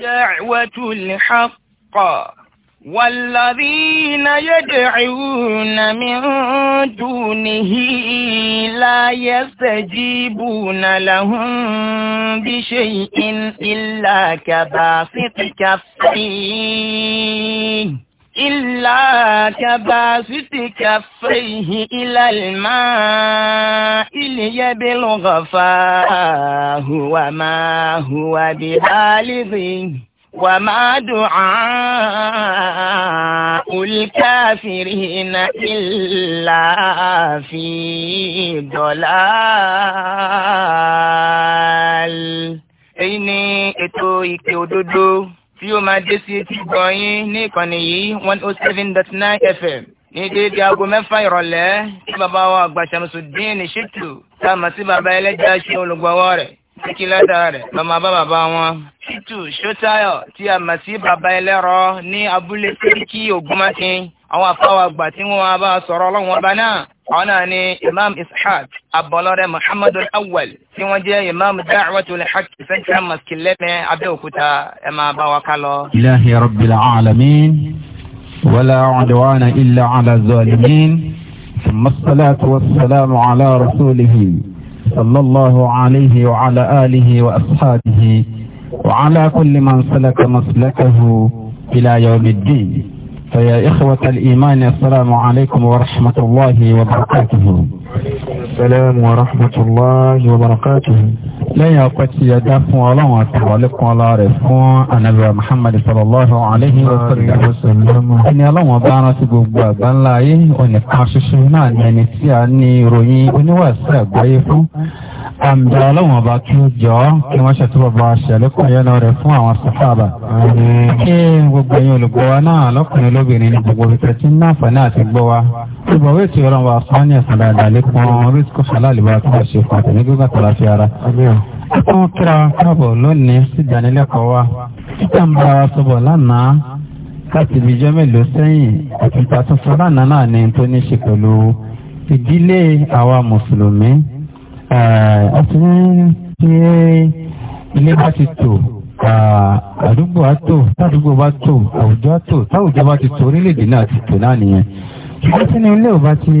دعوة الحق والذين يدعون من دونه لا يستجيبون لهم بشيء إلا كباسط كفيه إلا كباسط كفيه إلى الماء ليبلغ فاه وما هو ببالغه وما دعاء الكافرين إلا في ضلال. èyí ni ètò ìpè òdodo tí ó máa dé sí etí gbọ́ ní ìkànnì yìí one oh seven dot nine fm ní déédéé aago mẹ́fà ìrọ̀lẹ́ tí bàbá wa àgbà Ṣàmsùdíìnì Ṣítù tá a mọ̀ sí bàbá ẹlẹ́jà ṣe olùgbọ́wọ́ rẹ̀ kíkí ládà rẹ̀ lọ́mọ bá bàbá wọn. Ṣítù Ṣótáyọ̀ tí a mọ̀ sí bàbá ẹlẹ́rọ ní abúlé Sẹ́ríkì Ògúnmákin àwọn àfáwà àgbà tí wọ́n bá sọ̀rọ̀ ọlọ́run ọba náà àwọn náà ni imam ishaq abọ́lọ́rẹ́ muhammadu awwal tí wọ́n jẹ́ imam da'watul haqq central mosque lẹ́mẹ̀ abẹ́òkúta ẹ máa bá wa ká lọ. ilahi rabbil alamin wala udwana illa ala zalimin thumma salatu wassalamu ala rasulihi sallallahu alayhi wa ala alihi wa ashabihi wa ala kulli man salaka maslakahu ila yawmiddin. فيا إخوة الإيمان السلام عليكم ورحمة الله وبركاته السلام ورحمة الله وبركاته لا يوقت يدافع الله وتعالى الله رفوع النبي محمد صلى الله عليه وسلم إن الله وبارك بقوة بلاي ونقاششنا نتياني روي ونواسع ضيف àmì ọlọ́wọ̀n bá kí ó jọ kí wọ́n ṣètúbọ̀ bá ṣẹlẹ́kùn ayọ́nà rẹ̀ fún àwọn sàfàbà kí gbogbo ẹ̀yin olùgbọ́ wa náà lọ́kùnrin lóbìnrin ní gbogbo ìfẹ́ tí ń náà fẹ́ náà ti gbọ́ wa ìbọ̀wé tí ọlọ́wọ̀n wa sọ́ọ́ ẹ̀sán dáadáa lékún orí kó halal bá tó bá ṣe fún àtẹ̀lé gbígbà tó la fi ara. Akọ́n kíra káàbọ̀ lónìí sí ìdánilẹ́kọ̀ọ́ wa. Títà ń bára sọ̀bọ̀ lánàá láti ibi ijọ́ mélòó sẹ́yìn àti ìtàtúnṣe lánàá náà ni tó ní ṣe pẹ̀lú ìdílé àwa mùsùlùmí. Ọ̀sìn tí ilé bá ti tò àdúgbò á tò tàdúgbò bá tò àwùjọ á tò táwùjọ bá ti tò orílẹ̀-èdè náà ti tò náà nìyẹn. Ṣé tí ni ilé ò bá ti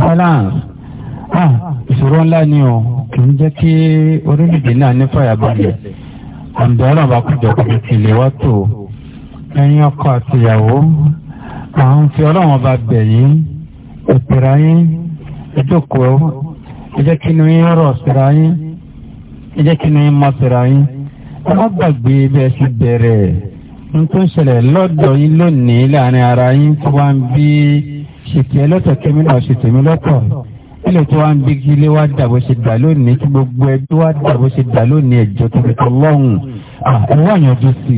balance? ìṣòro ńlá ni o kì í jẹ́ kí orílẹ̀-èdè náà ní fàyàbalẹ̀ àǹdà ọlọ́run bá kújọ kò sì lè wá tó ẹ̀yin ọkọ àtìyàwó à ń fi ọlọ́run ọba bẹ̀ yín ìpèrà yín ìjókòó ẹ jẹ́ kí ni yín rọ̀ síra yín ẹ kí ni yín mọ́ síra yín ẹ má gbàgbé bẹ́ẹ̀ sì bẹ̀rẹ̀ n tó ṣẹlẹ̀ lọ́dọ̀ yín lónìí láàrin ara yín tó wá ń bí ṣètì kẹ́mi náà ṣètì ilẹ̀ tó wá ń bígi ilé wá dà bó ṣe dà lónìí tí gbogbo ẹ tó wá dà bó ṣe dà lónìí ẹ̀jọ́ tó fi tọ́ lọ́hùn ẹ̀wọ́ àyànjú sí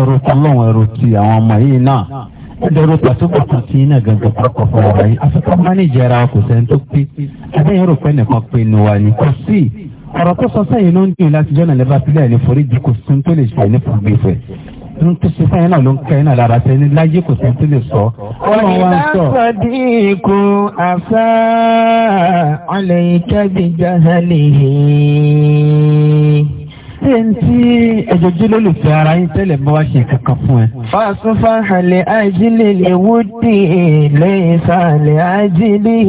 ẹ̀rọ tọ́ lọ́hùn ẹ̀rọ ti àwọn ọmọ yìí náà ẹ̀dọ̀rọ̀ pàtó kọ̀ọ̀kan tí iná gangan kọ̀ọ̀kan fọwọ́ wáyé afẹ́kọ́ mánéjì ara kò sẹ́ni tó pé adéyẹ̀ rò pé nìkan pé nu wa ni kò sí ọ̀rọ̀ tó sọ sẹ́yìn ló ń dùn láti jọ́nà lẹ́bàá sílẹ̀ ń tó ṣe fún ẹ náà ló ń kẹ́ náà lára tẹ ní láyé kò sí lè sọ. ọlọ́run wa ń sọ. wọ́n ní ikú àfẹ́ ọ̀lẹ́yìn kẹ́bí jáhálì yìí ṣé n tí ẹjọ́ jí ló lè fẹ́ ara yín tẹ́lẹ̀ bá wá ṣe kankan fún ẹ. fàṣùfà hàlẹ̀ àjílẹ̀ lèwú dì ilé ìsàlẹ̀ àjílẹ̀.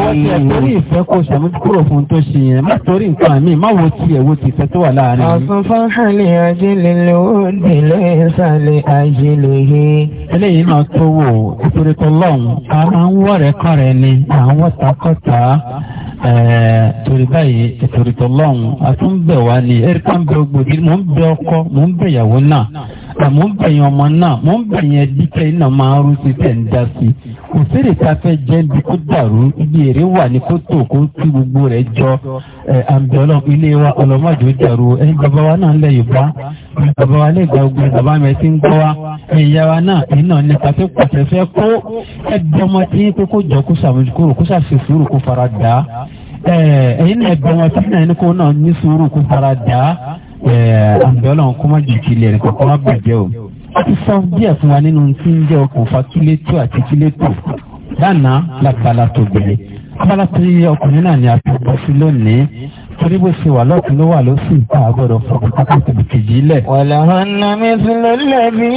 wọ́n ti ẹ̀ torí ìfẹ́ kó ṣàmójúkúrò fún tó ṣe yẹn má torí nǹkan mi má wo ti ẹ̀wò ti fẹ́ tó wà láàrin. fàṣùfà hàlẹ̀ àjílẹ̀ lèwú dì ilé ìsàlẹ̀ àjílẹ̀. eléyìí náà tó wò nítorí lọ́hùn a ń wọ̀rẹ́ kọ̀rẹ́ ni àwọn takọ́ta torí báyìí ìtòrítọ́ lọ́hùn ẹ̀ríkà ń bẹ ògbòdì mò ń bẹ ọkọ mò ń bẹ ìyàwó náà àmọ́ ń bẹ̀yìn ọmọ náà mọ́ ń bẹ̀yìn ẹbí tẹ́ iná máa rú sí tẹ̀ ń dá sí i kò sèrè ká fẹ́ jẹ́ ibi kó dàrú ibi èrè wà ní kó tó kó tí gbogbo rẹ̀ jọ ẹ̀ àǹbẹ̀ọ́lọ́ ilé wa ọlọ́mọdé ó dàrú ẹ̀yin bàbá wa náà ń lẹ̀ Yorùbá bàbá wa lè gba ogun bàbá mi ti ń gbọ́ wa ẹ̀yin ya wa náà ẹ̀yin ní ká pàṣẹ fẹ́ kó ẹ̀dọ́mọ tí yín pé kó jọ kó sàmójúkúrò kó sàṣ ẹ̀yin náà gbọ́ wọn sí náà ẹni kó náà ní sùúrù kó fara dà àǹdọ́lọ́n kó má jù kílẹ̀ ẹ̀nìkan kó má bàjẹ́ o. a ti sọ díẹ̀ fún wa nínú tí ń jẹ́ okùnfà kílé tó àti kílé tó lánàá lábala tó gbélé abala tó yẹ ọkùnrin náà ni a ti bọ́ sí lónìí torí bó ṣe wà lọ́tún ló wà ló sì ń pa àgbọ̀dọ̀ fọkàn pátá tòbí kejì lẹ̀. wàlà hànà mẹ́sìlẹ̀ lẹ́bí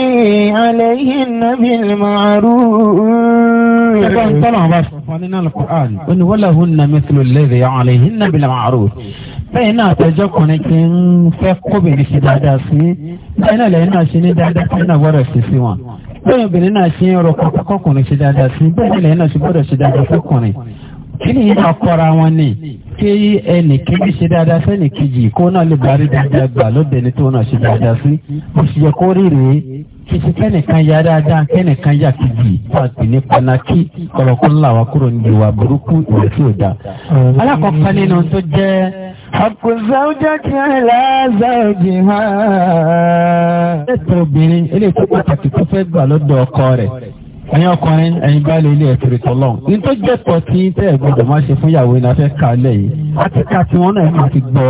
alẹ́ yìí nàbí màrú. ẹgbẹ́ ń tọ́lọ̀ àwọn aṣọ fún nínú alukur'an ó ní wàlà hànà mẹ́sìlẹ̀ lẹ́bí alẹ́ yìí nàbí màrú. bẹ́ẹ̀ náà àtẹ̀jọ́ kùnrin kì í fẹ́ kóbìnrin ṣe dáadáa sí bẹ́ẹ̀ náà lẹ́yìn náà ṣe ní dáadáa kí náà gbọ́dọ̀ ṣe sí wọn. bẹ́ẹ̀ obìnrin náà ṣe ń rọ kọ́kọ́kùnrin ṣe dáadáa sí bẹ́ẹ̀ náà lẹ́yìn náà ṣe gbọ́dọ̀ ṣe dáadáa fún kùnrin kí ni yín akọra wọn ni kí ẹnì kejì ṣe dáadáa sẹ́nì kejì kó náà lè bari dáadáa gbà lóde ní tó náà ṣe dáadáa sí kò sì yẹ kó rírè kìsì kẹ́nìkan ya dáadáa kẹ́nìkan ya kejì pàtì ní panaki kọ̀lọ̀kọ̀lọ̀ làwọn kúrò ní ìwà burúkú ìwà tí ò da. alákọ̀ọ́kọ́ nínú tó jẹ́. حق الزوجة على زوجها. ètò obìnrin eléyìí tó pàtàkì tó fẹ́ gbà lọ́dọ̀ ọkọ rẹ̀ ẹ̀yin ọkùnrin ẹ̀yin bá lè ilé ẹ̀tùrì tọ́lọ́n ní tó jẹ́tọ̀ tí tẹ́ ẹ̀ gbọ́dọ̀ máa ṣe fún ìyàwó iná fẹ́ kalẹ̀ yìí àti ká tí wọ́n náà máa ti gbọ́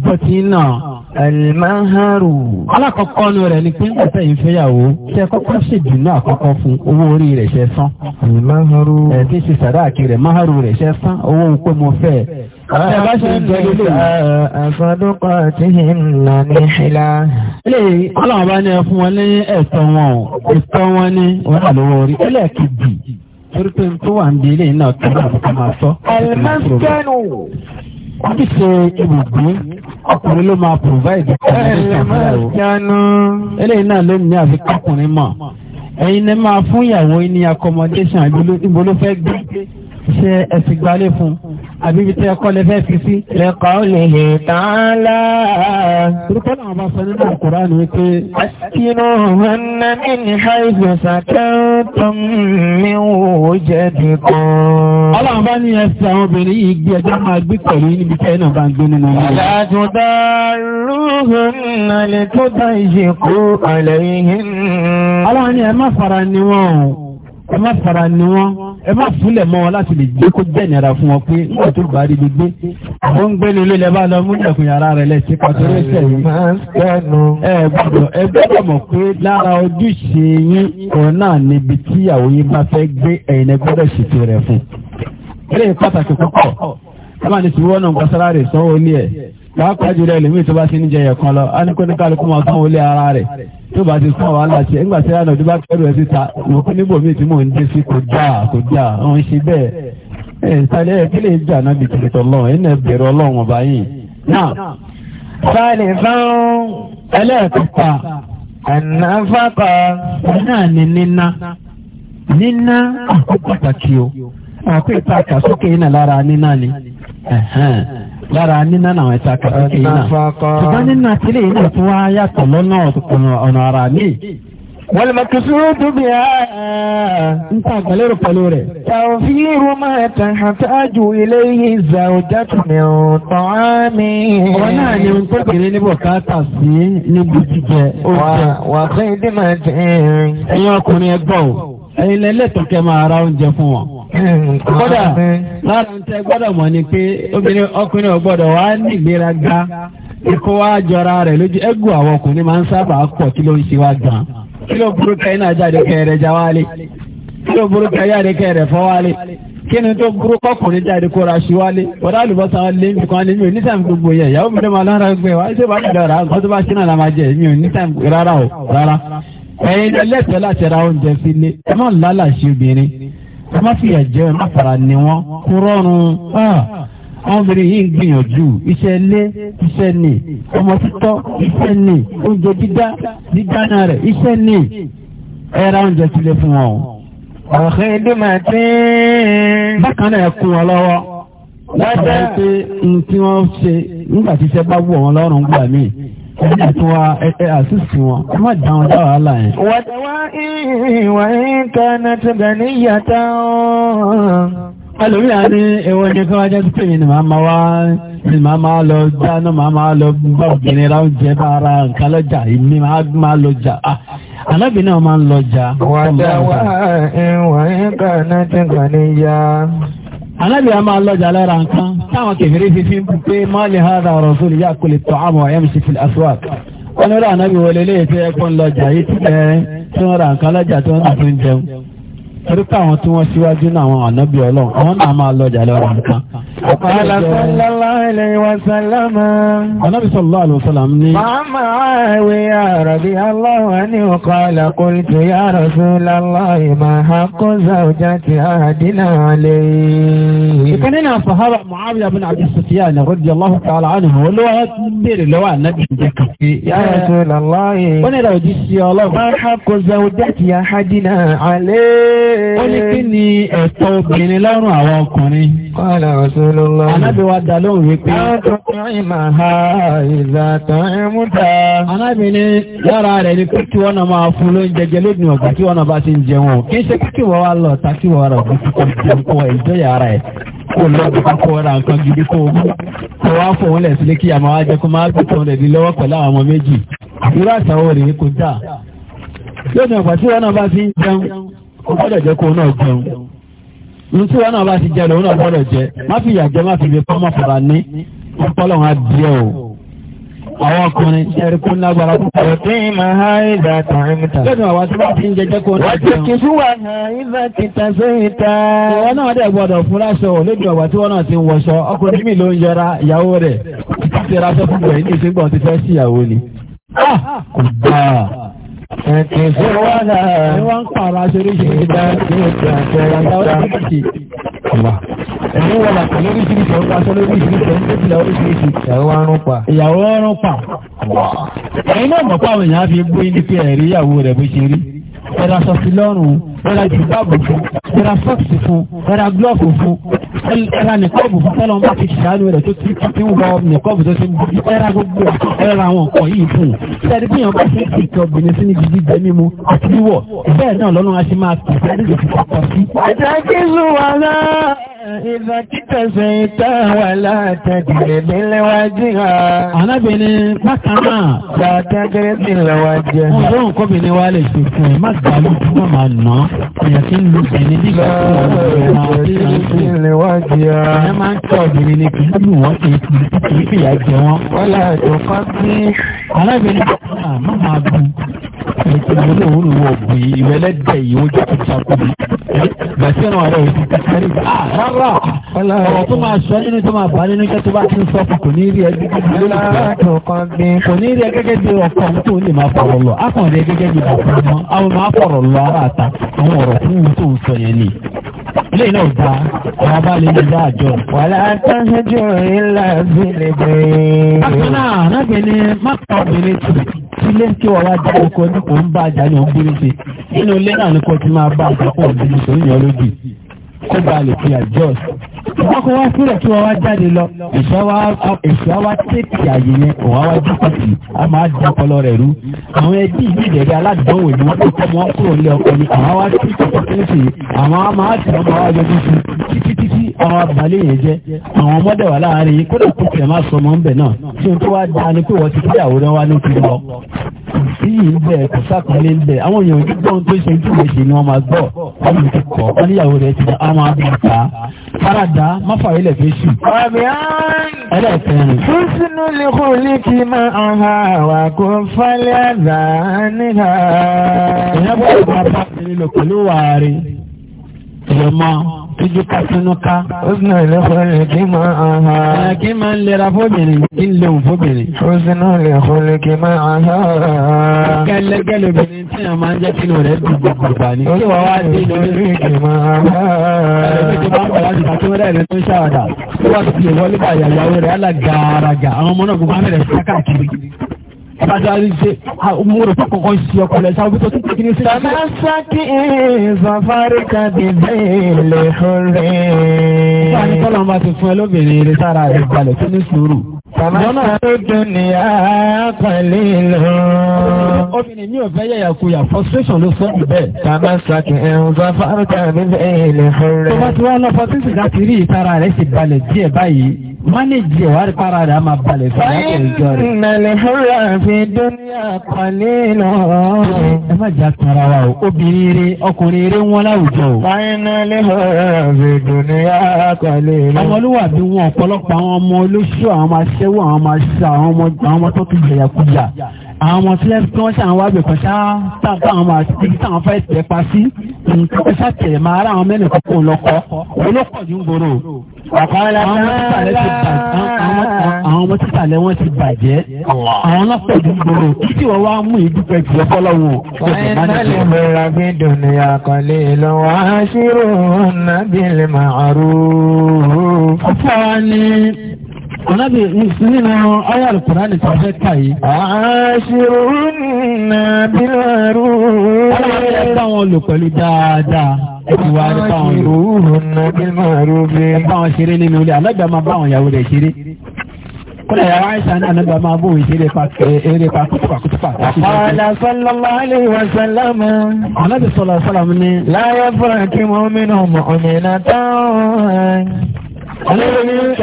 gbọ́ tí náà. alimaharu. alákọ̀ọ́kọ́ nu rẹ̀ ni pé nígbà tẹ̀yìn fẹ́yàwó tẹ kọ́kọ́ ṣèdùnú àkọ́kọ́ fún owó orí rẹ̀ ṣẹ́ san. alimaharu. sàdáàkì rẹ̀ Àwọn ẹ̀bá ṣe ń jẹ́ ilé yìí. Àfọdúkọ̀ tí ń torí pé tó wà ń di náà tó náà tó máa sọ. Ẹ̀lẹ́mẹ́sẹ̀nù. Wọ́n ti ṣe ibùgbé, ọkùnrin ló máa provide. Ẹ̀lẹ́mẹ́sẹ̀nù. Ilé yìí náà ló ní àfi kọkùnrin mọ̀. Ẹ̀yin ni máa fún ìyàwó ní accommodation ìbò ló fẹ́ gbé. Ṣé ẹ ti fún àbíbi tí ẹkọ́ lè fẹ́ fi sí. lẹ́kọ̀ọ́ lè lè tán lá. turukọ́ náà bá sọ nínú àkùrá ni pé. asikiro hanna mi ni haifu sakẹ́tọ̀m mi wò jẹ́ dìkan. ọlọ́run bá ní ẹsẹ̀ àwọn obìnrin yìí gbé ẹjọ́ máa gbé pẹ̀lú níbi tí ẹ̀nà bá ń gbé nínú ọmọ. àdàtúndà rúhùnà lè tó dá ìṣèkú àlẹ́ yìí. ọlọ́run ni ẹ má fara ni wọ́n ẹ má fara ni wọn ẹ má fúnlẹ̀ mọ́ wọn láti lè gbé kó jẹ́ ìnira fún wọn pé nígbà tó bá rí gbígbé ó ń gbé ní ilé lẹ́bàá lọ mú ìlẹ̀kùn yàrá rẹ̀ lẹ́sìn pàtó rẹ̀ sẹ́yìn. ẹ gbọ́dọ̀ ẹ gbọ́dọ̀ mọ̀ pé lára ojúṣe yín òun náà níbi tí ìyàwó yín bá fẹ́ gbé ẹ̀yin ẹ gbọ́dọ̀ ṣètò rẹ̀ fún. eré pàtàkì púpọ̀ ẹ má ní ti wọ́n náà gbàsára rè sanwó-ilé ẹ̀ pàápàá jùlọ ẹlòmíì tó bá ti ń jẹ kan lọ á ní kó ní kálukú máa ara rẹ tó bá ti sún àwọn aláṣẹ nígbà tí ẹ̀yà náà tó bá kẹrù ẹ̀ síta òkú níbò míì tí mò ń dé sí kò dáa kò dáa òun ṣe bẹ́ẹ̀ ẹ̀ ìsàlẹ̀ ẹ̀ kí lè jà náà náà ọba yìí. náà sáàlì níná níná níná ni. lára nínà àwọn ẹ̀ta kàkàkì yìí náà ṣùgbọ́n nínà sílẹ̀ yìí náà tún wá yàtọ̀ lọ́nà ọ̀nà ara mi. wọ́n lè mọ̀tò sí ojú bí i ń ta àgbàlérò pẹ̀lú rẹ̀. tàwọ̀fíìrù máa tàn àtàjù ilé yìí ìzà ọjà tùmẹ̀ ọ̀tàn á mi. ọ̀rọ̀ náà ni ohun tó kéré níbọ̀ ká tà sí níbi jíjẹ oúnjẹ. wà á fẹ́ ẹdí máa jẹ́ ẹ̀yìn ọkùnrin ẹgbọ́ kódà ah, lára ń tẹ gbọ́dọ̀ mọ̀ ni pé obìnrin ọkùnrin ò gbọ́dọ̀ wá nígbéraga ikú wa jọra rẹ̀ lójú ẹgù àwọn ọkùnrin máa ń sábà pọ̀ kí ló ń ṣe wá gan kí ló burú kẹyìn náà jáde kẹrẹ já wálé kí ló burú kẹyìn jáde kẹrẹ fọ́ wálé kí ni tó burú kọkùnrin jáde kó ra ṣe wálé wọ́n dá lùbọ́ sáwọn lé nǹkan ní mi ò ní sàm gbogbo yẹ ìyàwó mi máa lọ́ra gbé wa ṣé bá mi nǹkan tó bá ṣe náà la máa jẹ mi ò ní sàm rárá o rárá ẹ̀yin lẹ́tọ̀ọ́ láti ra oúnjẹ sílé ẹ má fìyà jẹ má fara ni wọn kó rọrùn àwọn obìnrin yìí ń gbìyànjú iṣẹ́ ilé iṣẹ́ ni ọmọ títọ́ iṣẹ́ ni oúnjẹ dídá dídáná rẹ̀ iṣẹ́ ni ẹ̀rọ oúnjẹ tilẹ̀ fún wọn. ọ̀hìn ìdúmọ̀tì. bákan náà kún wọn lọ́wọ́ látàrí pé n tí wọ́n ṣe nígbà tí iṣẹ́ bá wù wọn lọ́rùn gbà míì ẹ̀dá tí wọ́n ẹ̀ àṣìṣì wọn ẹ má dá wọn dá wàhálà yẹn. wàdàwà ìwà ìkànnà tó gbà níyà táwọn. ẹlòmíà ní ewu ni kí wọ́n jẹ́ pé mi ni màá ma wá ni màá ma lọ dáná màá ma lọ bá obìnrin ra oúnjẹ bá ara nǹkan lọ́jà èmi màá ma lọ jà alábìnrin ah, náà máa ń lọ jà. wàdàwà ìwà ìkànnà tó gbà níyà anábì a máa lọ́jà lára nǹkan táwọn kèfèrè fi fi ń bú pé máàlì hádà ọ̀rọ̀ sórí yá kò lè tọ́ àmọ̀ ẹ̀m sí fìlà aswak wọn ní rà anábì wọlé léyìí tó ẹkùn lọ́jà yìí ti bẹ̀rẹ̀ tí wọ́n ra nǹkan lọ́jà tó ń tún jẹun torí pé àwọn tí wọ́n síwájú náà àwọn ànábì ọlọ́run àwọn náà máa lọ jàlẹ́ ọ̀rọ̀ nǹkan. ọ̀pọ̀lọpọ̀ sallallahu alaihi wa sallam. ànábì sallallahu alaihi wa ní. màmá àwẹ̀ àròbí aláwọ̀ ni ọkọ̀ àlàkùnrin ya rasulallahi máa ha kó zàwùjá ti àdínà lè. ìkànnì náà sàhábà Muawiya bin Abi Sufyan radiyallahu ta'ala anhu olówó béèrè lọ́wọ́ ànábì ó ní kí ni ẹ̀tọ́ obìnrin lọ́rùn àwọn ọkùnrin. Kọ́lá Rasulullah. Anábì wa dá lóhùn wípé. Látọ̀kùn ìmọ̀ ha ìzàtàn ìmúta. Anábì ní lára rẹ̀ ni pé kí wọ́n náà máa fún ló ń jẹjẹ lódì ọ̀gbà kí wọ́n náà bá ti ń jẹun. Kì í ṣe pé kí wọ́n wá lọ ta kí wọ́n rà ọ̀gbìn kíkọ́ ìjọkọ̀ ìjọyà ara ẹ̀. Kó lọ bí kò ra nǹkan gidi kó kó wá fòun lẹ̀ sílé kí àmọ́ wá jẹ́ kó máa gbé tòun rẹ̀ ní lọ́wọ́ pẹ̀lú àwọn ọmọ méjì. Irú àṣà wo rèé kò dáa? Lónìí ọ̀gbà tí wọ́n náà bá ti ń jẹun. ó gbọ́dọ̀ kó náà jẹun ní wọn náà bá ti jẹ lòun náà gbọ́dọ̀ jẹ má fi ìyà jẹ má fi ibi pọ́ má fara ní ọpọlọ wọn adìẹ o àwọn ọkùnrin ẹ̀rí kún lágbára púpọ̀. ọ̀tí máa ha ìdá tààrí mi ta. lẹ́nu àwọn tí wọ́n ti ń jẹjẹ́ kó náà. wọ́n ti kì fún wa ha ìdá ti ta sóyè ta. ìwọ náà dẹ̀ gbọ́dọ̀ fún láṣọ lójú ọ̀gbà tí wọ́n náà ti ń wọṣọ ọkùnrin mi ló ń yẹra ìyàwó rẹ̀ ti ra sọ́kùnrin ní fẹ́ ni. Ah! kò dáa. Ẹ̀kì fún wa náà. Ẹ wá ń pa ara ṣe oríṣi ìdá sí ìgbà àtẹ̀rẹ̀ ìgbà oríṣiríṣi. Ẹ̀yin wọ̀ làkà lóríṣiríṣi ọ̀pá aṣọ lóríṣiríṣi ẹ̀ ń tẹ̀sí oríṣiríṣi. Ìyàwó wa pa. Ìyàwó wa pa. Ẹ̀yin náà mọ̀ pé àwọn èèyàn á fi gbé ní pé ẹ̀rí ìyàwó rẹ̀ bó ṣe rí. Ẹ̀rọ aṣọ lọ́rùn, ẹ̀rọ jùbáàbù ẹra nìkọ́ọ̀bù fọ́lọ́ bá ti ṣàánú rẹ̀ tó ti ti wọ nìkọ́ọ̀bù tó ti ń ẹra gbogbo ẹra àwọn nǹkan yìí fún un sẹ́ni bí yàn bá ṣe ti tọ́ obìnrin sí ní gidi jẹ́ mímu àti wíwọ̀ bẹ́ẹ̀ náà lọ́nà wa ṣe máa pèsè àdéhùn ọkọ̀ sí. àtàkì Ìgbà títẹ̀ ṣe ìtẹ́ wà látẹ̀gẹ̀rẹ̀ bí lẹ́wájú ha. Anábìnrin bákan náà. Látẹ̀gẹ̀rẹ̀ bí lẹ́wájú ha. Wọ́n rán nǹkan bìnrin wa lè ṣe fún ẹ, má gbà ló fún ọmọ àná. Èèyàn ti ń lu bìnrin ní ìgbà tó wà lọ́wọ́. Bí lẹ́wájú ha. Ìyẹn máa ń tọ́ obìnrin ni kì í lù wọ́n kì í fìyà jẹ wọ́n. Wọ́n láàjọ fábí. Anábìnrin rà ọ̀rọ̀ tó máa sọ nínú tó máa bá nínú jẹ́ tó bá ti ń sọ kò ní rí ẹ kò ní rí ẹ gẹ́gẹ́ bí ọkàn tó lè máa fọ̀rọ̀ lọ akàn rí ẹ gẹ́gẹ́ bí ọkàn mọ́ àwọn máa fọ̀rọ̀ lọ ara ta àwọn ọ̀rọ̀ fún un tó ń sọ yẹn ni ilé náà gba àwọn abáàlẹ̀ ilé dá àjọ. wàlá àtàṣẹ́jọ ńlá ìbílẹ̀ bẹ́ẹ̀. bákan náà lábẹ́ ni má pa obìnrin tù sílé kí wọ́n wá jẹ́ ọkọ̀ nípò ń bá àjà ní ògbóni ṣe nínú ilé náà ní kò ti máa bá àgbàpọ̀ òbí nítorí yẹn kó ba lè fi àjọs. wọ́n kó wá sílẹ̀ kí wọ́n wá jáde lọ èso àwa tètè àyè yẹn òun àwa jíkọ̀tì a máa dá ọpọlọ rẹ̀ rú. àwọn ẹbí yìí dẹ̀dẹ̀ aládùnwò ni wọ́n kọ́ wọn kúrò lé ọkọ ni àwọn àwa tí kò tẹ́lẹ̀ sí àwọn a máa tẹ̀ ọmọ wa yọjú sí títí títí àwọn abalẹ̀ yẹn jẹ́ àwọn ọmọdé wà láàárín kódà kó tẹ̀ máa sọ ọmọ ńbẹ náà tí n tó wá dáa ni pé wọ́n ti fi àwòrán wa ní sí ibẹ̀ kò sàkọlé ibẹ̀ àwọn èèyàn ojú gbọ́n tó ṣe ojú ìwéṣe ni wọ́n máa gbọ́ ọmọ ti kọ́ wọ́n níyàwó rẹ̀ ti dá máa bí ta farada má ilẹ̀ fi sùn. ẹlẹ́kẹrin. sísínú lè kó lè kí máa ha wà kó falẹ̀ àdá níhà. ìyá bọ́ọ̀lù bá bá ìrìnlẹ̀ pẹ̀lú wàárí ìyẹn máa. Tíjú ká sínú ká. Ó sínú ìlẹ́kọ̀ọ́lẹ̀ kí máa àhá. Kí máa ń lera fóbìnrin, kí ń léhùn fóbìnrin. Ó sínú ìlẹ́kọ̀ọ́lẹ̀ kí máa àhá. Gẹ́lẹ́gẹ́lẹ́ obìnrin tí a máa ń jẹ́ kínú rẹ̀ dùn gbogbo ní. Ó wà wá dé inú ilé kí máa àhá. Ẹ̀rọ tó máa ń pàdé àti kàtó rẹ̀ rẹ̀ tó ń ṣàwàdà. Ó wà sí ìwọlé bàyà ìyàwó rẹ̀ alágàáràgà. Bàtàrí ṣe múrò tó kọ̀kọ́ ṣe ọkọ̀lẹ̀ sáwọn tó tún tẹ́kí ní sí. Tàbá sákì ìzọ̀fárí kàbí bẹ́ẹ̀ lè fún rẹ̀. Báyìí tọ́lọ́ máa ti fún ẹ lóbìnrin rẹ̀ sára rẹ̀ balẹ̀ tó ní sùúrù. Jọ́nà tó dúnìyà pẹ̀lú ìlú. Obìnrin mi ò fẹ́ yẹ̀yà kuyà frustration ló sọ jù bẹ́ẹ̀. Tàbá sàkì ẹ̀rùn bá fárúkà níbi ilẹ̀ fúnra. Tó bá ti wá lọ fọ́ títí láti rí ìtara rẹ̀ sì balẹ̀ díẹ̀ báyìí. Mánéjì ẹ̀ wá para rẹ̀ á máa balẹ̀ fún ìyá ìjọ rẹ̀. Ìnàlẹ̀ fúnra fi dúnìyà pẹ̀lú ìlú. Ẹ má jà tara wa o, obìnrin eré, ọkùnrin eré wọn láwùjọ o. Fáínàlẹ̀ fúnra fi dúnìyà pẹ̀lú ìlú. Ọmọlúwàbí wọn ọ̀pọ̀lọpọ̀ àwọn ọmọ olóṣù àwọn máa ṣẹ́w wọ àwọn máa ṣá àwọn ọmọ tó ti jẹyà kújà àwọn ọmọ tí wọ́n ṣe àwọn wábẹ̀ kan ṣá táǹkà àwọn máa ṣe kí táwọn fẹ́ẹ́ tẹ̀ pa sí nǹkan ṣá tẹ̀ máa rà àwọn mẹ́rin kókó lọ́kọ́ olókọ̀ ní gbòòrò àwọn ọmọ títà lẹ́ wọ́n ti bàjẹ́ àwọn ọlọ́pàá ní gbòòrò títí wọ́n wá mú ìdúpẹ́ jù ọ́ fọ́lọ́wọ́. ọ̀yẹ́nìlẹ̀ mẹ́ra Ànábì nínú ayé àlùkùrá ní tàbí ká yìí. Àṣírò nà bí lárú. Ọlọ́run yẹ báwọn lò pẹ̀lú dáadáa. Ẹ ti wá rí báwọn lò. Àṣírò nà bí lárú bí. Ẹ báwọn ṣeré nínú ilé, alága máa báwọn ìyàwó rẹ̀ ṣeré. Kọ́lá yàrá àìsàn náà nígbà máa bóun ìṣeré pa eh, kútùpà kútùpà. Àlá sọ́lọ́mọ́ alẹ́ ìwà sọ́lọ́mọ́. Ànábì sọ́lọ́ sọ́lọ́mọ́ ni. Láyé fún ẹ̀kí mọ́mínú mọ̀ọ́mìnà táwọn. Arábìnrin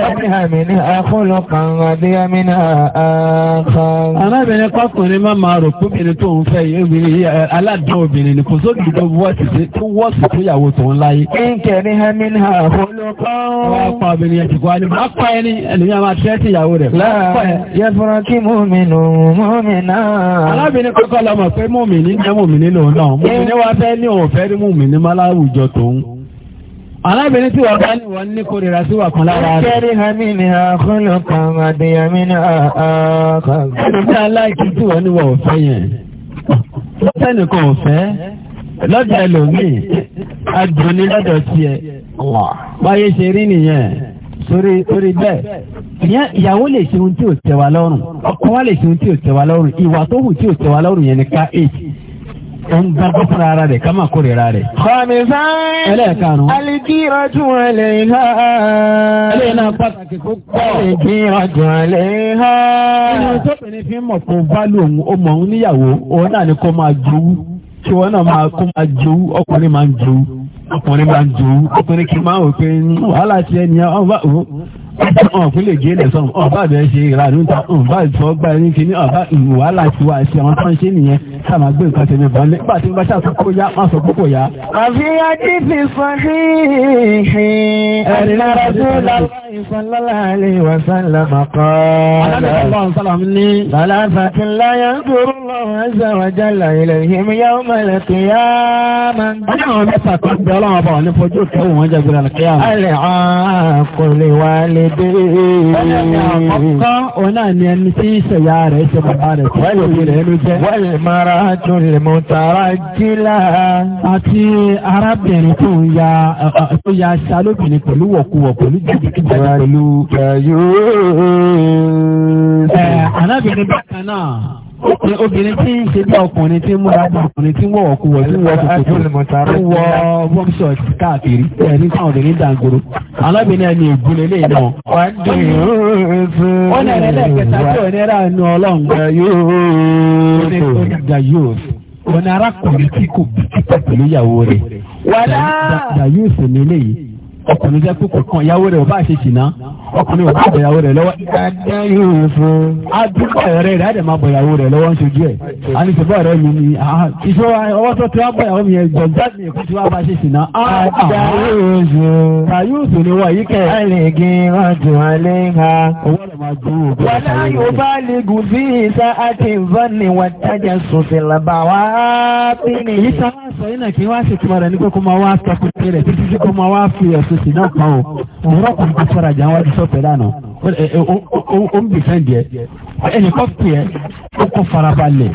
pákùnrin máa máa rò púpìnrin tó ń fẹ́ obìnrin aládùn obìnrin ni kò sóbi tó wọ́ọ̀sì tó wọ́ọ̀sì tó yàwó tó ń láyé. Kíkẹ́ ní Hẹ́mínà àkọlọ́kàn. Wọ́n á pa obìnrin ẹ̀jẹ̀ kọ́ ni máa pa ẹni ẹ̀lẹ́yìn àmà tẹ́ sí ìyàwó rẹ̀. Láàá yẹ fúnra kí mú mi nù mú mi náà. Arábìnrin kọ́kọ́ lọ mọ̀ pé mú mi ní jẹ́ mú mi nílò náà. Mú mi ní wá fẹ́ ní òun fẹ́ rí mú mi ní má láwùjọ tòun arábìnrin tí wọ́n bá ní wọ́n ní kórìíra sí wà kan lára rẹ̀. kẹ́rí hami ni àkọlù kan àdéyàmí ni àkàgbà. ẹni tí aláìkí tí wọ́n ní wọ́n ò fẹ́ yẹn lọ́sẹ̀nì kan ò fẹ́ lọ́dọ̀ ẹlòmíì adùn lọ́dọ̀ tiẹ̀ báyé ṣe rí nìyẹn sórí sórí bẹ́ẹ̀ ìyẹn ìyàwó lè ṣe ohun tí ò tẹ́ wa lọ́rùn ọkọ wa lè ṣe ohun tí ò tẹ́ wa lọ́rùn ìwà tó hù tí ò tẹ́ wa lọ́rùn yẹn ni ká èyí. ń bá gbọ́sára ara rẹ̀ ká máa kórìíra rẹ̀. kọ̀mísáì ẹlẹ́ẹ̀karùn-ún. alìkírọ̀ tún ẹlẹ́ ìhá. ẹlẹ́yìn náà pàtàkì kó pọ̀. alìkírọ̀ tún ẹlẹ́ ìhá. nínú tóbìnrin fi ń ni ma ọ̀n fún lè gé lẹ́sọ̀n ọ̀n bá bẹ̀rẹ̀ ṣe ìranú ta ọ̀n bá ìfọ́ gba ẹni kìíní ọ̀n bá ìwà láti wá ṣe àwọn tó ṣe nìyẹn sáàmà gbé nǹkan tẹ̀lé bọ̀ nígbà tí wọ́n ṣàtún kó yá wọ́n sọ púpọ̀ yá. àfi ajé fi sọ́hí ẹ̀rìnlá rọ́dúnlá ìfọ̀lọ́lá àlè wàsánlá màkọ́. alábẹ̀rẹ̀ sọ́lọ́m ní. bàlá dé. ẹni àkọ́kọ́ òun ni ẹni tí ìṣẹ̀yà rẹ̀ ṣe bàbá rẹ̀ tó ń lè ẹnu jẹ́. wẹ́lẹ̀ mara tún lè mú tààrà jílá. àti arábìnrin tó ń ya tó ya ṣàlóbìnrin pẹ̀lú wọ̀kúwọ̀ pẹ̀lú jìbìtìjà pẹ̀lú. ẹ arábìnrin bákan náà obìnrin tí ń ṣe bí ọkùnrin tí ń múra bí ọkùnrin tí ń wọ̀ ọkùwọ̀ tí ń wọ kòkòtò ń wọ bọ́mṣọ̀t káàkiri ẹ̀rí táwọn obìnrin dàgbòrò alábìnrin ẹni ìgbóni ilé náà. wà á dùn ún fún un. ó ní ẹlẹ́kẹta tí ò ní ra ẹnu ọlọ́run. yóò ó ní arákùnrin tí kò bí kíkọ́ pẹ̀lú ìyàwó rẹ̀. wàdà. dayó sì ní eléyìí ọkùnrin jẹ́ kókò kan ìyàwó rẹ̀ ò bá ṣe ọkùnrin ò bá bọ̀ lọ́wọ́. dada yóò fún. adúgbò ọ̀rẹ́ rẹ̀ àdè máa rẹ̀ lọ́wọ́ ṣojú ẹ̀. àníṣebọ̀ ọ̀rẹ́ mi ni ìṣó ọwọ́ tó ti wá mi yẹn gbọ̀ngbà mi kó ti wá bá ṣe yóò fún. kàyúùsù ni wọ́n yí kẹ́. ẹlẹ́gì lè gùn sí ìsá wọn tájà sòfin làbà ṣe náà kan o òwúrọ̀ kan ti fara jà wájú sọ́pẹ̀ lánàá o ń bì fẹ́ díẹ̀ ẹnì kan pè é o kó farabalẹ̀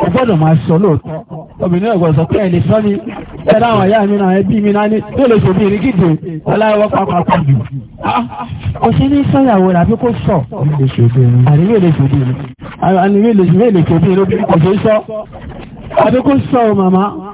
ó gbọ́dọ̀ máa sọ lóòótọ́ obìnrin náà gbọ́dọ̀ sọ pé ẹnì sọ́ni ẹ láwọn ìyá mi náà ẹbí mi náà ní tó lè sòbí ìrìn gídè aláwọ̀ pàápàá jù. Ah, kò sí ní sọ́yàwó rẹ̀ àbí kò sọ. àríwé lè sòbí ìrìn àríwé lè sòbí ìrìn obìnrin kò sí sọ àbí kò sọ ò màmá.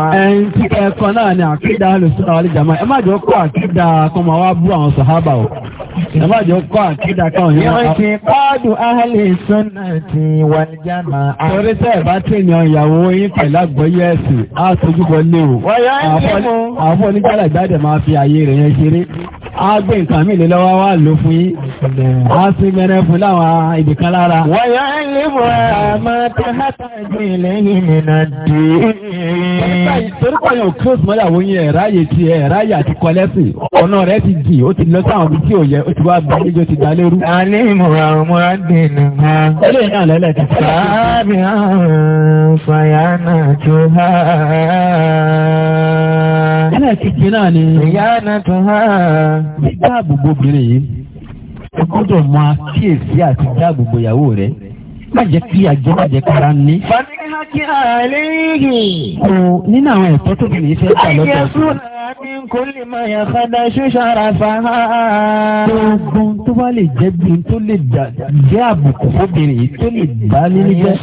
ẹ̀yìn tí ẹ̀kọ́ náà ni àkídà lùsùn àwọn àlejò àmọ́ ẹ má jọ kó àkídà kọ́mọ wá bú àwọn sàhábà o. Ìbájọ́ kọ́ àkídà kan yìí. Yóò ti kọ́ọ̀dù ahli sunnati wal jama'a. Torí sẹ́ẹ̀ bá tí ènìyàn ìyàwó yín pẹ̀lú àgbọ́yé ẹ̀sìn, á sojú bọ lé o. Àwọn onígbàlà ìgbàdẹ̀ máa fi ààyè rẹ̀ yẹn ṣeré. Á gbé nǹkan mí lélọ́wọ́ wá lò fún yín. Á sí mẹ́rẹ́ fún láwọn ibìkan lára. Wọ́n yá ń lé mọ́ àmọ́ tó hátà gbé lẹ́yìn nínú dé. Torí pààyàn ò kí ó sì mọ́ ìyàwó yín ẹ̀ ráyè ti ẹ̀ ráyè àti kọ́lẹ́sìn. Ọ̀nà rẹ̀ ti jì, ó ti lọ sáwọn ibi tí ò yẹ rẹ̀ ó ti wá bá níjọ́ ti dálérú. alẹ́ ìmọ̀ra ọmọra dènà máa. ẹlẹ́ náà lẹ́lẹ́ ti fẹ́. sáàbì àrùn fàyànà tó há. ẹlẹ́kìkì náà ni. fàyànà tó há. dídáàbò gbogbo yìí o gbọ́dọ̀ mọ akíyèsí àti dáàbòbò ìyàwó rẹ̀ má jẹ́ kí àjẹ́ má jẹ́ kára ní. fàmílì hákì àlẹ́ yìí. nínú àwọn ẹ̀tọ́ tóbi nìyí fẹ́ gbà lọ́dọ̀ ní kò lè máa yàn fada ṣúṣàrà fàá. Gbogbo tó bá lè jẹ́ bí tó lè jẹ́ àbùkù fóbìnrin yìí tó lè bá nínú jẹ́.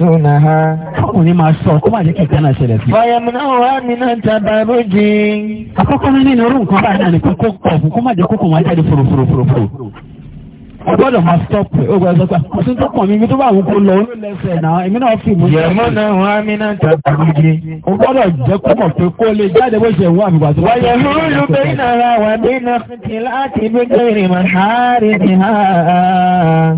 Fọ́ọ̀mù ni máa sọ tó máa jẹ́ kíkẹ́ náà ṣẹlẹ̀ sí. Fàyàmù náà wà mí náà ta bàbá jìn. Àkọ́kọ́ nínú irú nǹkan báyìí náà nìkan kó kọ̀ kó má jẹ́ kókò wọn jáde fòròfòròfòrò ọgbọ́dọ̀ máa stop ẹ̀ ó gbọ́dọ̀ sọ́pẹ́ ọtún tó kàn mí ibi tó bá wù kó lọ ó lẹ́sẹ̀ náà èmi náà fi mú un. yẹ̀mọ́ náà wọn á mi náà tàbí méje. ó gbọ́dọ̀ jẹ́ kó mọ̀ pé kó lè jáde bó ṣe wà mí pàtó. wàyẹ̀ mú lu bẹ́ẹ̀nà ra wà bẹ́ẹ̀nà fìtì láti gbégbé ìrìnà àárẹ̀ ti hà.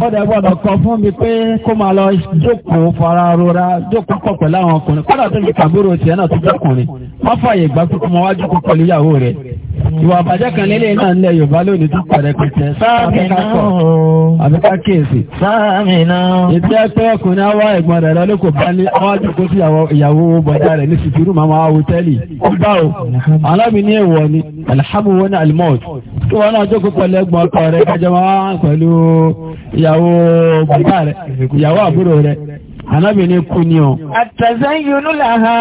ọ̀dọ̀ gbọ́dọ̀ kọ fún mi pé kó máa lọ jókòó fara rora jókòó pọ̀ pẹ̀lú àwọn ọkùnrin kọ́dà tó ń kàbúrò tiẹ̀ náà tó jọ́kùnrin wọ́n fààyè ìgbà tó kọ́ mọ́ wájú kó pẹ̀lú ìyàwó rẹ̀ ìwà àbàjẹ́ kan nílé náà nílẹ̀ Yorùbá lónìí tó pàdé pẹ̀tẹ́ sáàmì kakọ̀ àbíká kéèsì sáàmì náà ìdí ẹgbẹ́ ọkùnrin àwa ẹ̀gbọ́n rẹ̀ lọ́lẹ́ kò bá ní àwọn àjòkó sí ìyàwó bọ̀dá rẹ̀ ní sìkìrù màmá hòtẹ́ẹ̀lì ó bá o alábi ní èèwọ̀ ni alhamu wọn alimọ́ọ̀tì kí wọn náà jókòó pẹ̀lú ẹ̀gbọ́n ọkọ rẹ̀ kájọ máa pẹ̀lú ìyàwó bọ̀dá rẹ̀ ìyàwó àbúrò rẹ̀ Ànábì ní kú ní ọ. Àtàzáyúnú làhá.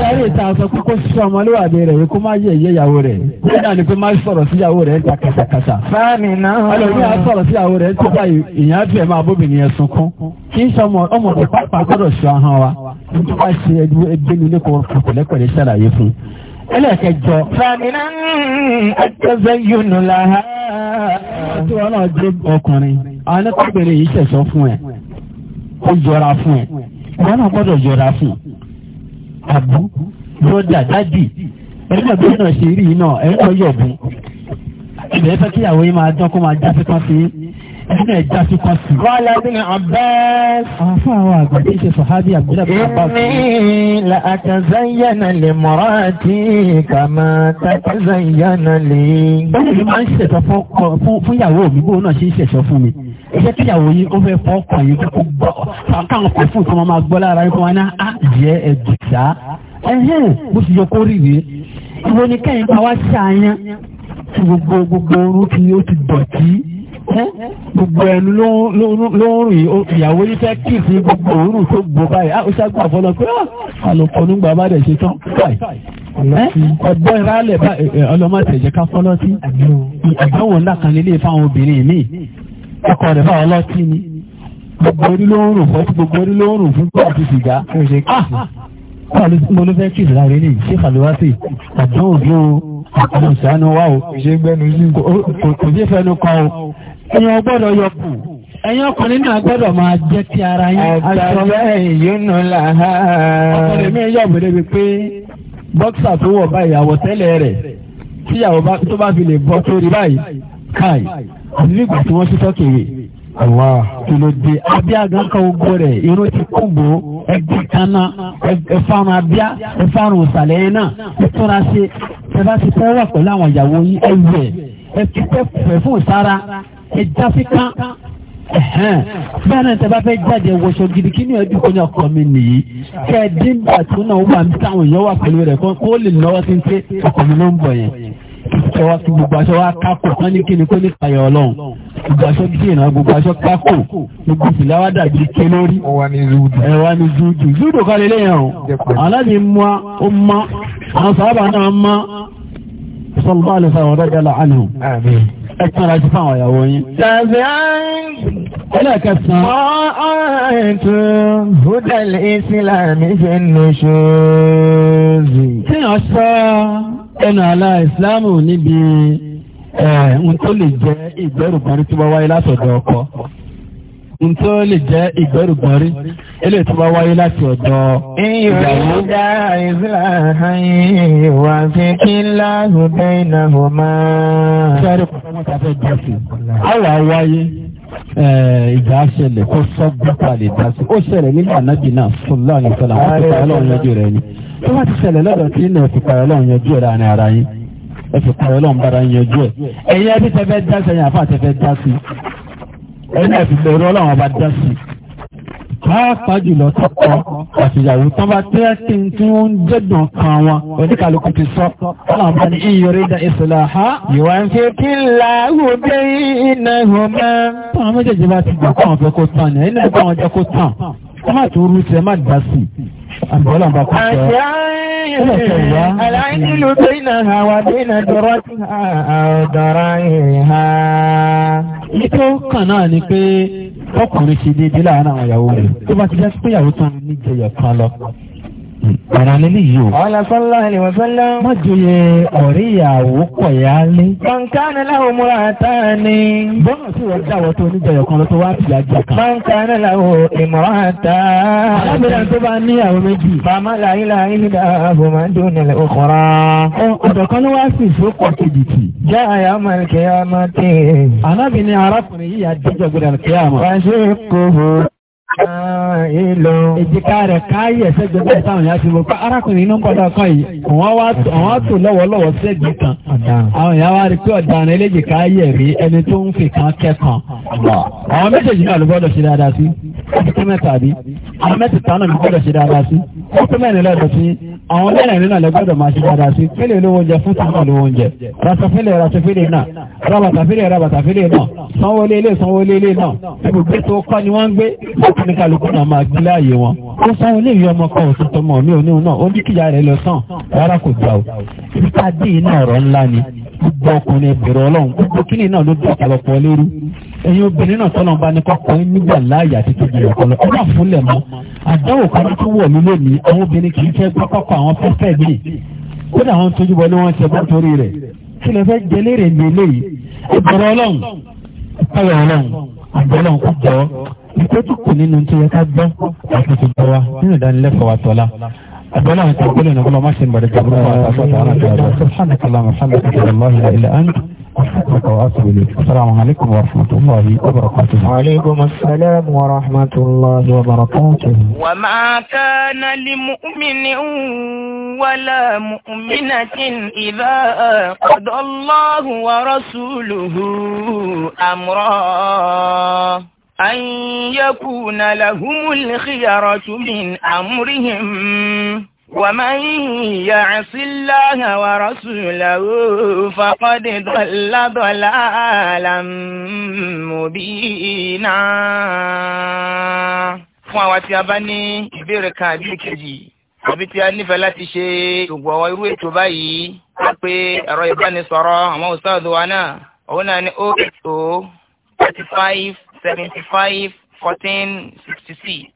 Sẹ́rí ìta sọ pé kó sọ ọmọlúwàbí rẹ̀ yìí kó má yẹ ìyẹ́ ìyàwó rẹ̀. Kódà ni pé má sọ̀rọ̀ síyàwó rẹ̀ ta kàṣàkàṣà. Fáàmì náà. Ọlọ́run yà sọ̀rọ̀ síyàwó rẹ̀ tó báyìí ìyá fi ẹ̀ máa bóbìnrin yẹn sunkún. Kì í sọmọ ọmọ rẹ̀ pápá gbọ́dọ̀ sọ ahọ́n wa. Nítorí wá ṣe ẹgbẹ́ni ilé kan kọ̀lẹ́kọ̀lẹ́ ṣàlàyé fún ẹlẹ́ẹ̀kẹjọ. Fàmìnà àtẹ̀fẹ́ yónú làhá. Tí wọ́n náà jẹ́ ọkùnrin, àwọn ẹlẹ́kọ̀ọ́bìnrin yìí ṣẹ̀ṣọ́ fún ẹ ó yọra fún ẹ ìwọ náà gbọ́dọ̀ yọra fún àbú broda dadi ẹgbẹ́ bí náà ṣe rí náà ẹ lọ yọ̀bù ìbẹ̀rẹ̀ fẹ́ kíyàwó yín máa dán kó máa já kan sí ẹni náà já kan sí. wàhálà bí ní Abbas. àwọn fún àwọn àgbà tí ń ṣe sọ̀hábì àbúrò bí Abbas. èmi la àtàzáyànà lè mọ̀rọ̀ àti kàmá tàtàzáyànà lè. báyìí ló máa ń ṣẹ̀ṣọ́ fún ìyàwó mi bóun náà ṣe ń ṣẹ̀ṣọ́ fún mi ẹ jẹ́ kíyàwó yín ó fẹ́ fọ́ ọkàn yín kó gbọ́ káwọn kò fún ìfọwọ́ máa gbọ́ lára yín kó wọn ná á ah, jẹ́ ẹ̀dùn sá ẹ̀hẹ́n bó ti yẹ kó rí rèé ìwọ ni kẹ́yìn pa wá ṣàyàn tí gbogbo gbogbo orú ti ó ti dọ̀tí gbogbo ẹnu ló ń rìn ìyàwó yín fẹ́ kí sí gbogbo òórù tó gbó báyìí ah, ó ṣàgbà fọlọ pé ah, àlòkọ nígbà má dẹ̀ ṣe tán ọgbọ́n ìrálẹ̀ ọlọ́mọ tẹ̀jẹ̀ ká fọlọ́tí àdánwò ńlá kan nílé fáwọn obìnrin míì ọkọ rẹ̀ báwọn lọ́tí ni gbogbo orí ló ń rùn fún gbogbo orí ló ń rùn fún pọ̀ àti sìgá. Ah! Báwo mo ló fẹ́ kìlì láre ní ṣé Fàlùwásì àdúrà òbí o àkànlò ìṣàánú o. Kò ṣe gbẹnu sí. Kò ṣe fẹnu kan o. Ẹ̀yin ọgbọ́dọ̀ yọ kù ẹ̀yin ọkùnrin náà gbọ́dọ̀ máa jẹ́ ti ara yín. àtàlẹ́ ìyónú là á. ọkùnrin mi yọ̀ bẹ̀rẹ̀ bíi pé bọ́ksà tó wọ̀ bá ìyàwó rẹ̀ tíyàwó tó bá fi lè bọ́ sórí báyìí káì àti nígbà tí wọ́n ṣiṣọ́ kéré kí ló dé abíá gan kan ogbó rẹ̀ irun ti kúgbó ẹgbẹ́ kaná ẹfarun abíá ẹfarun òsàlẹ̀ yẹn náà ìtura ṣe ẹ bá ti fẹ́ wà pẹ̀lú àwọn ìyàwó yín ẹ wẹ̀ ẹ fi pẹ́ fún sára ẹ jáfi kán bẹ́ẹ̀ náà tẹ́ bá fẹ́ jáde wọṣọ gidi kí ni ọdún kọ́ni ọkọ mi nìyí kẹ́ ẹ dín bàtú náà wà ní táwọn èèyàn wà pẹ̀lú rẹ̀ kó lè lọ́wọ́ sí ń pé ọkọ mi ló ń bọ̀ yẹn aṣọ wa fi gbogbo aṣọ wa kákò wọ́n ní kí kó ní payọ̀ ọlọ́run gbogbo aṣọ bí ìran gbogbo aṣọ kákò gbogbo ìfìlà dàbí ké lórí ẹ̀wà ni zuudu zuudu kan lè o aláàbí mú ọ mọ àwọn sábà náà mọ sọlbà lè fa àwọn ọ̀dọ́jà láàánú ẹ tán ra sí fáwọn ìyàwó yín. tàbí ẹlẹ́kẹsàn. ọ̀ọ́ẹ̀tù húdàlì ìsìlámì ṣe ń lóṣooṣù. tíyàn sọ ẹnu àlà ìsìláàmù níbi ohun tó lè jẹ́ ìgbẹ́rùgbọ́n rí tó bá wáyé látọ̀dọ̀ ọkọ ohun lè jẹ́ ìgbẹ́rùgbọ́n rí tó bá wáyé láti ìyàwó. ìyá ìsìláàmù wà sí kí láàrú dẹ́yìn náà wọ́n máa. sọ́ọ́rì kò fẹ́ fẹ́ jẹ́ sí. àwọn àwáyé. Eh, ìjà ṣẹlẹ̀ kó sọ́gbọ́n palẹ̀ dá sí ó ṣẹlẹ̀ nígbà nábì náà sọlá ní sọlá wọn ti pààyà lọ́wọ́ yanjú rẹ ni tó bá ti ṣẹlẹ̀ lọ́dọ̀ tí náà ti pààyà lọ́wọ́ yanjú rẹ ara yín lọ́wọ́ bára yanjú ẹ̀yin ẹbí tẹ fẹ́ dá sí ẹ̀yin àfa tẹ fẹ́ pàápàá jùlọ tọkọ àtìyàwó tán bá tẹ́ kí n tí ń jẹ́dùn kan wọn oníkàlùkù ti sọ ọlọ́run bá ní iyọrí da ìṣẹ̀lẹ̀ ha. ìwà ń fi kí làáhù dé iná ìhòmẹ́. táwọn méjèèjì bá ti gbà kó àwọn fẹ́ kó tán ni ẹ̀yin náà bá jẹ́ kó tán ẹ má tó rú sí ẹ má dá sí i àbí ọlọ́run bá kó sọ ẹ. العدل بينها ọkùnrin ṣe déédéé láàárín àwọn ìyàwó rẹ̀ tó bá ti jẹ́ pé ìyàwó tó ń níjẹyà kan lọ ọ̀ràn lélẹ̀ yìí o. ọ̀là sọ́lá ni wọ́n sọ́lá. má joyè ọ̀rẹ́ ìyàwó kọ̀yà lé. mọ̀nkánì láwọn múra tá a ní. bọ́nà sí wọ́n dáwọ́ tó oníjọyọ̀ kan lọ́tọ́ wá fìyà jà kan. mọ̀nkánì láwọn ìmọ̀ràn tá a. alábẹ̀rẹ̀ tó bá ní àwọn méjì. màmá láyé láyé ní dáàbò máa dún nílẹ̀ òkúra. ọ̀dọ̀ kan ló wá sí ìfowópọ̀ kejì tì. já àyà máa kẹ́ Èjìká rẹ̀ káyẹ̀ sẹ́gbẹ̀ bẹ́ẹ̀ táwọn yá ti mọ̀ pé arákùnrin inú bọ́dọ̀ kan yìí, àwọn tò lọ́wọ́lọ́wọ́ sẹ́gbẹ̀ kan. Àwọn yá wá rí pé ọ̀daràn eléjìká yẹ̀ rí ẹni tó ń fi kan kẹ́kan. Àwọn méjèèjì náà ló bọ́dọ̀ ṣe dáadáa sí. Ó mẹ́ta bí. Àwọn mẹ́tẹ̀ẹ̀ta náà ló bọ́dọ̀ ṣe dáadáa sí. Ó mẹ́rin lọ́dọ̀ sí. Àwọn mẹ́rin náà ló bọ́dọ̀ máa ṣe dáadáa sí. Fẹ́lẹ̀ olówó fún tàwọn olówó oúnjẹ. Rasafẹ́lẹ̀ náà. Rabatafẹ́lẹ̀ rabatafẹ́lẹ̀ náà. Sanwó-ilé ilé ilé ilé náà. Ibùgbé tó kọ́ ni wọ́n ń gbé ní kálukú náà máa gbé láàyè wọn ó sáwọn iléèwé ọmọ kan òtún tọmọ mi ò ní òun náà ó ní kíyà rẹ lọ sàn rárá kò gbà ó ibi tá a dé iná ọ̀rọ̀ ńlá ni gbogbo ọkùnrin ìbẹ̀rù ọlọ́run gbogbo kíni náà ló dé ọ̀pọ̀lọpọ̀ lérú ẹ̀yin obìnrin náà tọ́lọ́ bá ní kọ́kọ́ nígbà láàyè àti tóbi ọ̀pọ̀lọ ọ̀nà fúnlẹ̀ mọ́ àdánwò kan tó wọ̀ mí lónìí àwọn obìnrin kì í fẹ́ pápákọ̀ àwọn pẹ́pẹ́ mi kódà àwọn tójú bọ́ ni wọ́n ṣe bọ́ torí rẹ̀ kí lè fẹ́ jẹ léèrè ní eléyìí ìbẹ̀rù ọlọ́run ìpẹ́yọ̀ ìtọ́jú kù nínú tí yẹ ká gbọ́ àti ti gbọ́ wa nínú ìdánilẹ́kọ̀ọ́ wa tọ́lá. أتمنى أن تقول أن الله ماشي بعد جبر سبحانك اللهم وبحمدك أن لا إله إلا أنت أستغفرك وأتوب إليك السلام عليكم ورحمة الله وبركاته وعليكم السلام ورحمة الله وبركاته وما كان لمؤمن ولا مؤمنة إذا قضى الله ورسوله أمرا أن يكون لهم الخيرة من أمرهم ومن يعص الله ورسوله فقد ضل ضلالا مبينا fún àwa tí a bá ní ìbéèrè kan àbí ìkejì àbí tí a nífẹ̀ẹ́ láti ṣe ṣùgbọ́n irú ètò báyìí á pé ẹ̀rọ ìbánisọ̀rọ̀ àwọn òṣèlú wa náà òun náà ní 080 75, 14, 66.